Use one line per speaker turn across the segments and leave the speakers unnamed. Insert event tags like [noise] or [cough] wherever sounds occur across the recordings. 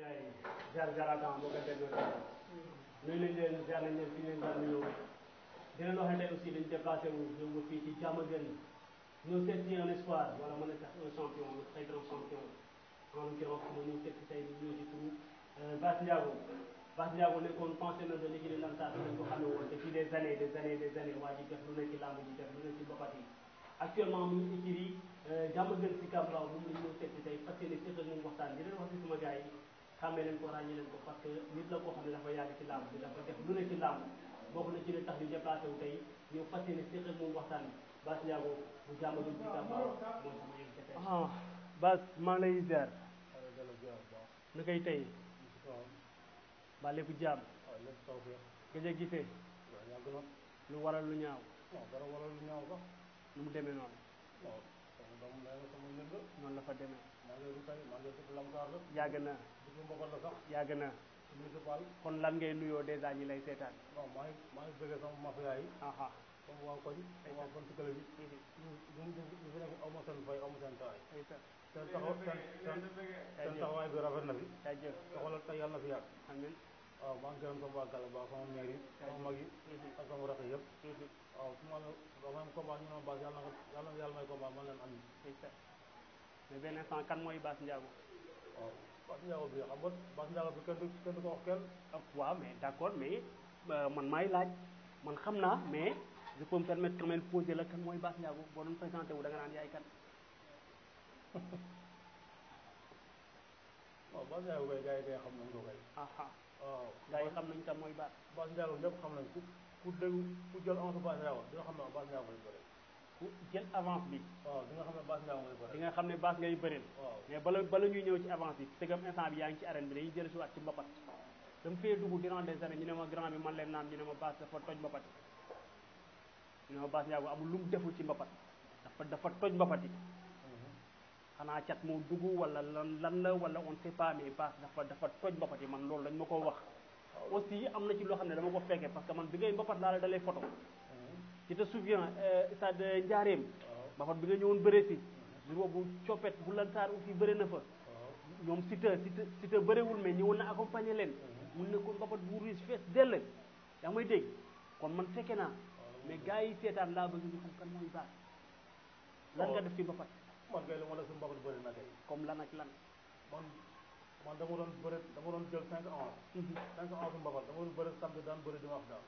जरा काम को कहते नुनिंजन जानिंजन पिनिंजन नियो दिलो हटे उसी दिन जब कासे वो जो वो पीछे जामजन नुसे तीन अने स्वाद वाला मने सांपियों वो साइड रोक सांपियों हम के रोक मने नुसे की साइड नियो जी तू बात जागो बात जागो ने कौन पांच ने जल्दी के लिए लंता तो को हमें वो देखी दे जाने दे जाने दे जाने वाजी के नुने की लाम जी के नुने की बपाती actuellement mu ngi écrit jamm gën si Kambalou mu ngi ñëw seet si tey fas yéene seetal ñu waxtaan di leen wax si sama gars yi Kame lèm kwa ranyè lèm kwa paske nidlèm kwa kame lèm fwaya lèm silam. Dèlèm patèk lèm silam, mòk lèm jilèm tak lèm jèm patèk ou tèy. Dèlèm patèk lèm sèkèk mòk wò san, bas lèm wò pù jàm wèm dèm tèy taban. Ahan, bas manè yè zèr. Nè kèy tèy? Ba lèm pù jàm. Kè jèk jè fè? Nè wò rè lèm lèm nèm wò. Nè mè mè mè nan. noonu la fa demee yàgg na yàgg na kon lan ngay nuyoo dèjà ñi lay seetaan aha sama waa koñ kon tukale bi ñu ñu fi nekk aw ma seen fay aw ma seen tawaay seen taxaw seen taxawaay bi rafet na fi taxawal tey yàlla fi yàgg amiin waaw maa ngi gërëm sama waa Gala Ba sama maire yi sama mag yi mhm. ak sama rakk yëpp mhm. waaw su ma la am combat ñu ne ma Bass yàlla na yàlla may combat man leen am mais benn instant kan mooy Bass Ndiago waaw Bass Ndiago bi xam nga Bass Ndiago bi kenn du kenn du ko wax kenn ah, waaw mais d'accord mais euh, man maay laaj man xam naa mais je peux me permettre quand même poser la kan mooy Bass Ndiago boo doon présenté wu da nga naan yaay kan [laughs] waaw Bass Ndiago koy gars yi day xam nañ ko koy ah, ah. waaw gars yi xam nañu tam mooy baat Bass Ndiago ñëpp xam nañ ku ku déglu ku jël avance Bass Ndiago di ne Bass Ndiago ngay bëri ku jël avance bi waaw di nga xam ne Bass ngay bëri di nga xam ne Bass ngay bëri waaw mais bala bala ñuy ñëw ci avance bi tegam instant bi yaa ngi ci arine bi dañuy jël si waat ci mbapat dama fee dugg durant des années ñu ne ma grand bi man leen naam ñu ne ma Bass dafa toj mbapat yi ñu ne ma Bass Ndiago amul lu mu deful ci mbapat dafa dafa toj mbapat yi xanaa cat moo dugg wala lan lan la wala on sait pas mais baas dafa dafa toj mbapat yi man loolu lañ ma ko wax aussi am na ci loo xam ne dama ko fekkee parce que man bi ngay mbapat laa la dalay photo ci te sa euh, stade Njaareem mbapat bi nga ñëwoon bëre si jour boobu coppet bu lan saar aussi bëre na fa ñoom si te si te bëriwul mais ñëwoon na accompagner leen mm-hmm. mun ne ko mbapat bu riche fees dell yaa may dégg kon man fekke naa mais gars yi seetaan laa bëgg ñu xam kan nga def ci mbapat man kay lu ma def si mbokk bëri na kay. comme lan ak lan. man man dama doon bëri dama doon jël cinq onze. Mhm. cinq onze mbokk dama doon bëri samedi daan bëri dimanche daal.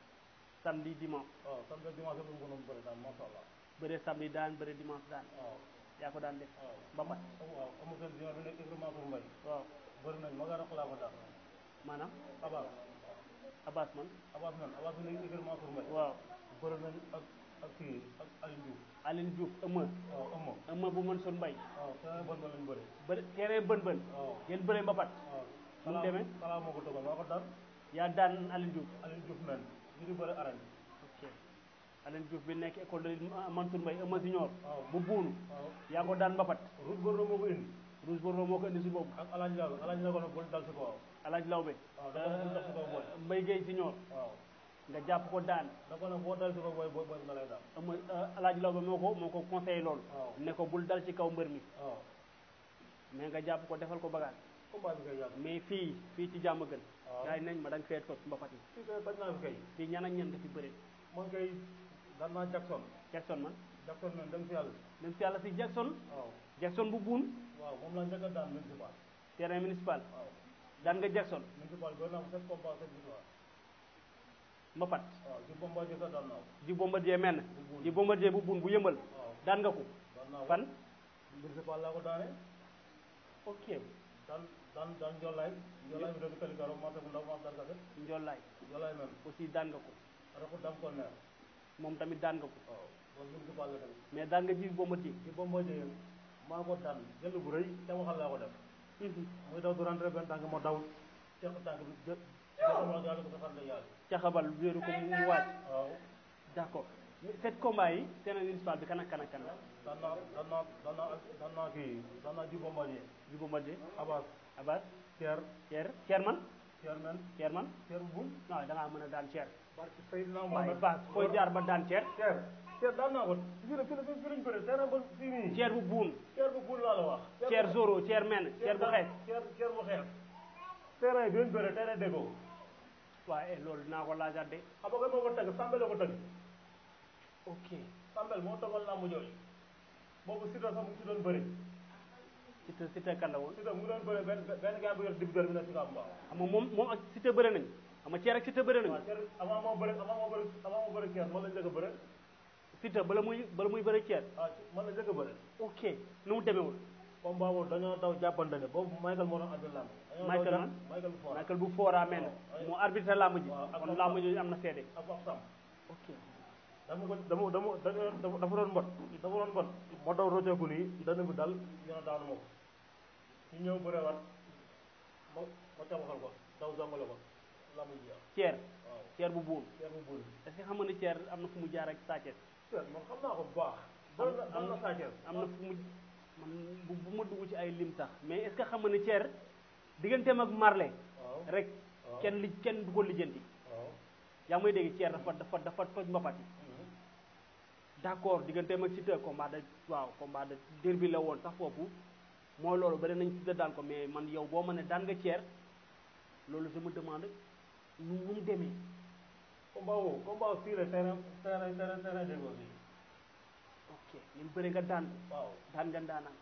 samedi dimanche. waaw samedi dimanche bi mu ko doon bëri daal macha allah. bëri samedi daan bëri dimanche daan. waaw yaa ko daan def. waaw mbapat. waaw amul seen junior bi nekk vraiment pour mbay. waaw bëri nañ ma gàllankoor laa ko daal. maanaam. Abbas. Abbas man. Abbas man Abbas bi nekk vraiment pour mbay. waaw bëri nañ ak. ak kii ak Alioune Diouf. Alioune Diouf ëmma. Oh, bu Mansour Mbaye. waaw terrain bën bën bën bën. waaw mbapat. waaw oh. mu yaa daan Alioune Diouf. Alioune Diouf men ñu ngi bëri ok Alioune Diouf bi nekk école de Mansour Mbaye ëmma junior. waaw oh. bu buunu. yaa ko daan mbapat. Rouge Bordeaux moo ko indi. ko indi si boobu. ak El Hadj Lawbe El si kaw. nga jàpp ko daan da ko boo dal si ko ma lay daal mooy law ba moo ko moo ko conseillé loolu ne ko bul dal ci kaw mbër mi mais nga jàpp ko defal ko bagaan mais fii fii ci jàmm gën gaa nañ ma da nga feet ko yi fii ñan ak ñan nga fi bëri man kay daan naa Jackson Jackson man Jackson man dem si yàlla dem si yàlla si Jackson Jackson bu buun waaw moom laa njëkk a daan municipal terrain municipal daan nga Jackson municipal ma fat ji Bombardier ko daan naa ko. ji Bombardier ji Bombardier bu buun bu yëmbal. daan nga ko. fan. Mbirsi Fall laa ko daane. ok. daan daan daan Ndiolaye. Ndiolaye bi doon Kër Garo maa ji Bombardier. ji Bombardier maa ko daan jël caxabal wéeru ko mu waaj d'accord cette combat yi seen municipal bi kan ak kan ak kan la dan naa dan naa dan naa dan man Thier man Thier bu non da ngaa mën a daan Thier barke Seydina Mohamed Bass fooy bu buun Thier bu buun laa bu xees Thier bu xees waaye eh, loolu dinaa ko laajaat de xam nga moo ko tëgg Sambel ko tëgg ok Sambel moo tëggoon làmb jooju boobu Siteu sax mu ngi doon bëri Siteu Siteu woon Siteu mu ngi doon bëri benn benn gars bu yor dibidor bi na si nga am waaw la njëkk a bala muy muy bëri ceer waaw man la njëkk a bëri ok nu mu demeewul combat boobu dañoo daw jàppante ne boobu Michael moo doon Michael man Michael bu Fora mel moo arbitre làmb ji kon làmb ji am na seede ok dama ko dama dama dafa doon mbot dafa doon mbot moo daw rojogu nii dana bi dal ceer ceer bu buul ceer bu buul est xam nga ne ceer am na fu mu jaar ak sàccees ceer am na sàccees mu man bu ma dugg ci ay lim sax mais est-ce xam nga ne ceer digganteem ak marle rek kenn li kenn du ko lijjanti yaa ngi dégg ceer dafa dafa dafa toj mbapat yi mm-hmm. d'accord digganteem ak Siteu combat de waaw combat de derby la woon sax foofu mooy loolu ba nañ Siteu daan ko mais man yow boo ma ne daan nga ceer loolu je me demande nu mu demee ok ñun bëri nga daan waaw daan nga daanaan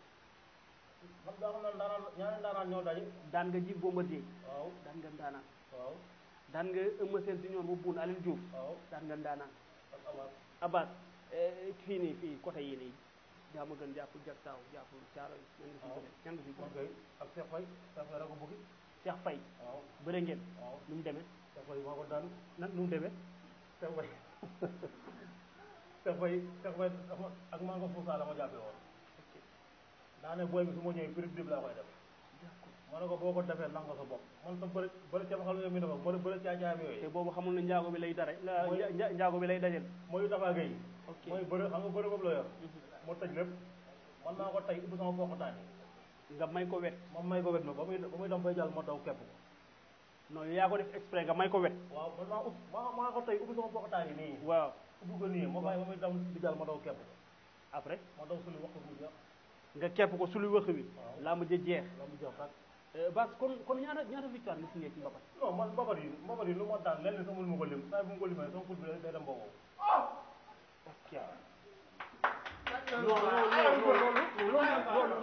xam nga xam na ndaanaan ñaari ndaanaan ñoo daje daan nga ji Bombardier waaw daan nga ndaanaan waaw daan nga Eumeu Sène Junior bu Boun Alioune Diouf daan nga ndaanaan Abbas fii eh, nii fii côté yii nii jaamu gën jàpp jagsaaw jàpp caaro ñan nga fi ñan nga ak Cheikh Faye Cheikh Faye rako bëgg mu demee Cheikh Faye maa ko daan nag nu demee Cheikh Faye [laughs] Cheikh Faye Cheikh Faye ak maa nga foofu dama jàppee woon daa ne booy bi su ma ñëwee prix dib laa koy def ma ne ko boo ko defee nanga ko sa bopp man tam bëri bëri cam xam ne mi dafa caacaam yooyu te boobu xamul ne njaago bi lay dare njaago bi lay dajel mooy dafaagay mooy bëri xam nga bëri boobu la yor mhm. ko tey ubbi sama poqataan yi ko wet ma may ko wet ma ba muy ba muy dem bay jàll ma daw kepp ko non yaa ko def exprès nga may ko wet waaw man naa ub ma maa ko tey ubbi sama poqataan yi nii waaw ubbi ko nii ma bàyyi ba muy dem di jàll ma daw kepp ko après nga kepp ko sulu wëx wi lamb ja jeex euh, bas kon kon ñaata ñaata victoire nga signé ci mbapat non man mbapat yi mbapat yi lu ma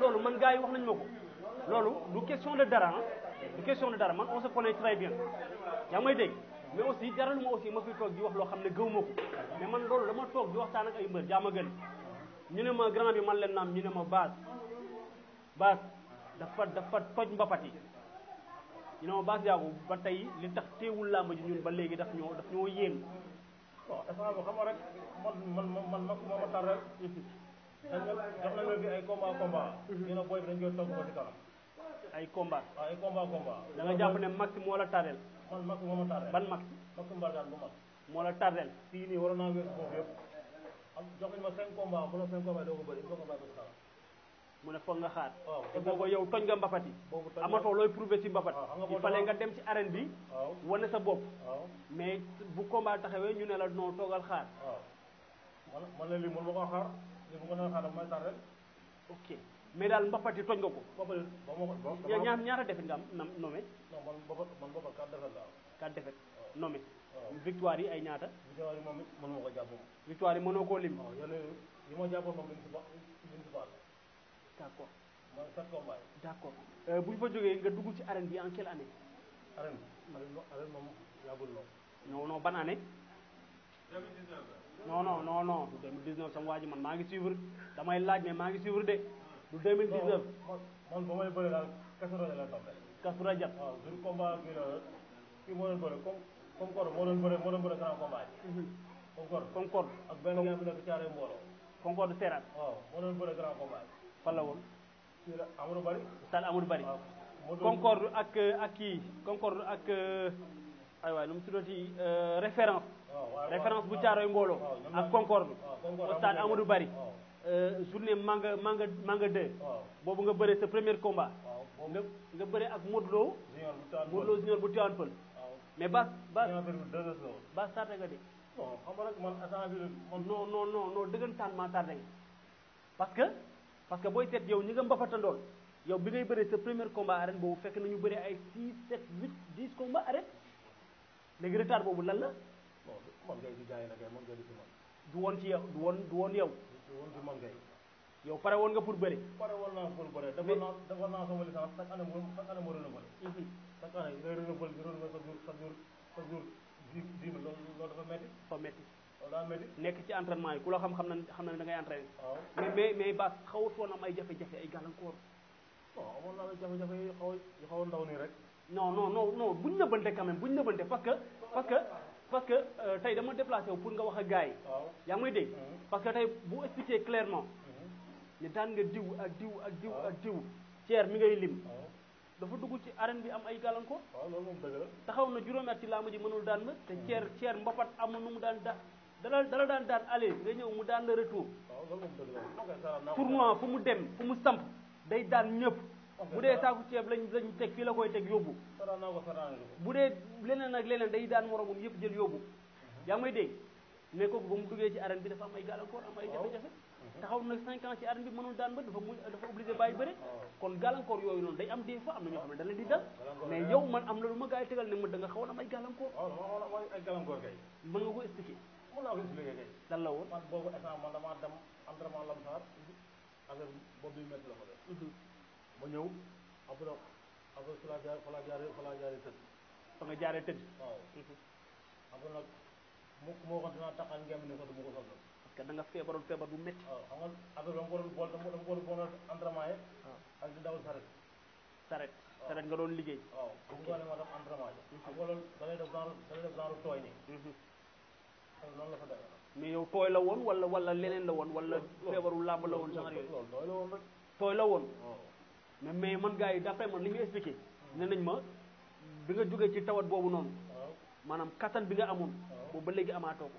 loolu man gars yi wax nañu ko loolu du question de dara du question de dara man on se connaît très yaa may dégg mais aussi jaral ma aussi ma fi toog di wax loo xam ne gëw ma ko mais man loolu dama toog di waxtaan ak ay mbër jaama gën ñu ne ma grand bi man leen naam ñu ne ma baas baas dafa dafa toj mbapat yi ñu ne ma baas yaagu ba tey li tax teewul làmb ji ñun ba léegi daf ñoo daf ñoo yéem bon dafa xam man man man man ma tar rek dañ jox nañ leen ne booy bi dañ koy togg da nga jàpp ne moo la tardel moo ma tardel ban Max la tardel am mu ne foog nga xaar te booba yow toj nga mbapat yi amatoo looy prouvé si mbapat il fallait nga dem ci arène bi wane sa bopp mais bu combat taxawee ñu ne la non toogal xaar man man la lii mënu ma ko xaar na ok mais daal mbapat toj nga ko ñaar ñaata defet nga am nommé defet la victoire yi ay ñaata. victoire yi moom it mënuma ko jàpp moom. victoire yi mënoo koo lim. waaw yéen yi ma jàppoon moom duñ si ba duñ si baal. d' accord. mooy sept combats yi. d' accord euh, bu ñu fa jógee nga dugg ci arène bi en quelle année. arène arène moom yàggul lool. non non ban année. 2019 non non non non du 2019 sama waa ji man maa ngi suivre damay laaj mais maa ngi suivre de. du 2019 man ba may bëri daal Kazu Rajab la tombé. Kazu Rajab waaw suñu combat bi la fi mu war a bëri comme. Concorde moo doon bëre moo mhm. Concorde ak benn gars Concorde Seras. waaw la woon. fii la Amadou Bari. stade Amadou Bari. Concorde ak ak kii Concorde ak euh, aywa lu mu tuddati euh, référence. référence bu Thiaroye Mbooloo. ak Concorde. waaw stade Amadou Bari. Euh, journée manga manga manga 2. nga bëre sa première combat. nga nga bëre ak Modou Lo. junior bu Tivaouane mais Bas Bas Bas tardé nga de. bon xam nga rek man instant dëggantaan maa tardé nga parce que parce que booy seet yow ñi nga mbafatandool yow bi ngay bëree sa première combat arène boobu fekk nañu bëree ay 6 7 8 10 combat arène léegi retard boobu lan la. bon man ngay di jaay nag man ngay di ci man. du woon ci yow du woon du woon yow. du woon ci pare woon nga pour bëri. pare woon naa pour bëri. chaque année ngay dafa métti. dafa métti. loolu nekk ci entraînement yi ku la xam xam na xam na da ngay entraîné. waaw mais mais mais Bass xawatoon ay jafe-jafe ay gàllankoor. jafe-jafe yu xaw yu xaw a ndaw rek. non non non non bu ñu nëbbante quand même bu ñu nëbbante parce que parce que parce que euh, tey dama déplacé wu pour nga wax ak gars yi. yaa ngi may dégg. Mm-hmm. parce que tey bu expliqué clairement. Mm-hmm. ne daan nga diw ak diw ak diw ak diw. ceer mi ngay lim. dafa dugg ci arène bi am ay gàllankoor. waaw loolu moom la. taxaw na juróomi at ci làmb ji mënul daan ma. te ceer ceer mbapat amul nu mu daan da dala dala daan daan aller nga ñëw mu daan la retour. waaw loolu moom dëgg la. tournoi fu mu dem fu mu samp day daan ñëpp. bu dee saaku ceeb lañ lañ teg fii la koy teg yóbbu. bu dee leneen ak leneen day daan moromam yëpp jël yóbbu. Mhm. yaa ngi may dégg mais kooku ba mu duggee ci arène bi dafa am ay gàllankoor am ay jafe-jafe. taxaw na cinq ans ci arène bi mënul daan ba dafa mu dafa obligé bàyyi bëre kon gàllankoor yooyu noonu day am des am na ñoo xam ne dana di dal mais yow man am na lu ma gars ne ma da nga xawoon am ay gàllankoor oh, ay gàllankoor kay mën nga ko expliquer mën naa ko expliquer mhm. ma ñëw après après fa laa jaar fa laa jaaree fa laa jaaree tëdd fa nga jaaree tëdd waaw mhm. après nag mu moo ko dinaa taxal ngeen ne ko du ma que danga nga feebaroon feebar bu métti. waaw xam nga affaire bi da nga ko nga doon ah. saret. saret nga doon liggéey. waaw bu doole mhm. moo mhm. mais yow tooy la woon wala wala leneen la woon wala. feebaru làmb la woon genre yooyu. tooy la woon mais mais man gaa yi d'après man li ñu expliqué. Hmm. nee nañ ma bi nga jógee ci tawat boobu noonu. maanaam kattan bi nga amoon. boobu ba léegi amaatoo ko.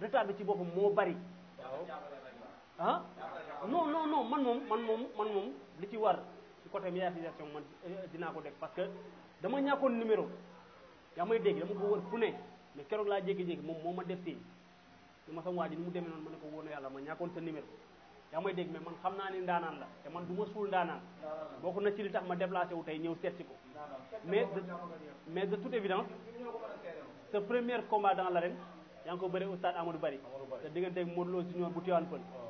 retard bi ci bopam mo bari han non non non man mom man mom man mom li ci war ci côté médiatisation man dina ko def parce que dama ñakone numéro yaa may dégg dama ko wër fu ne mais kérok la jékki-jékki mom moma def ci li ma sama waa ni mu démé non mané ko wono yalla ma ñakone sa numéro yaa may dégg mais man xamna ni ndanan la té man duma sul ndanan bokku na ci li tax ma déplacer wu tay ñew seet si ko mais mais de toute évidence ce premier combat dans l'arène yaa ngi ko bëre Oustaz Amadou Bari te digganteeg Modou Lo Junior